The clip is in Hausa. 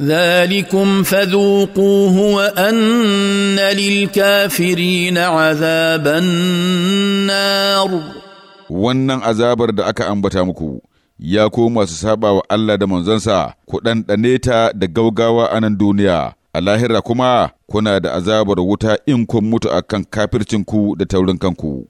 ذلكم فذوقوه وان للكافرين عذاب النار wannan azabar da aka ambata muku ya koma su saba wa Allah da manzansa ku ɗanɗaneta ta da gaugawa a nan duniya a lahira kuma kuna da azabar wuta in kun mutu akan kafircinku da taurin kanku